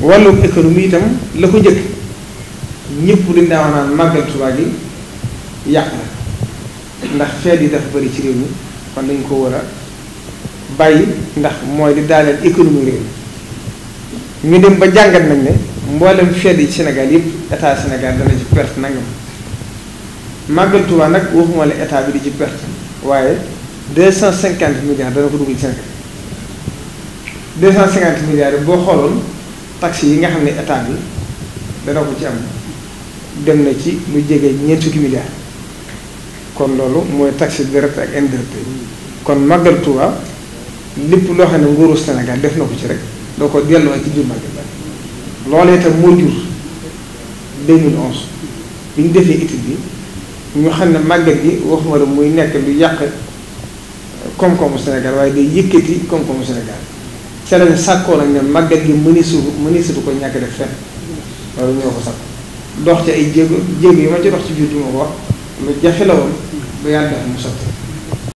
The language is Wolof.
wàllum économie itam la ko jëkk ñëpp dañ daa naan màggal Tuubaa gi yàq na ndax feet yi dafa bëri ci réew mi kon dañ ko war a bàyyi ndax mooy di daaneel économie réew mi ñu dem ba jàngat nañ ne mboolem feet yi Sénégal yëpp état Sénégal dana ci perte nangam màggal Tuubaa nag waxuma la état bi di ci perte waaye deux cent cinquante milliards dana ko dugal ci Sénégal deux cent cinquante milliards boo xooloon taxi yi nga xam ne état bi dana ko ci am dem na ci lu jege ñeent fukki milliards kon loolu mooy taxi direct ak indirect kon Magal Touba lépp loo xam ne nguuru Sénégal def na ko ci rek doo ko delloo ci biir Magal loolee itam moo jur 2011 bi ñu defee étude bi ñu xam ne màggal gi waxuma la muy nekk lu yàq koom-koomu Sénégal waaye day yëkkati koom-koomu Sénégal. ca lañ sàkkoo nag ne màggat gi mënisu mënisutu ko ñàkk def fenn loolu ñoo ko sàkk dox ci ay jéego jéego yi ma ci dox ci biir du ma ko wax lu jafe la woon ba yàlla def mu sotti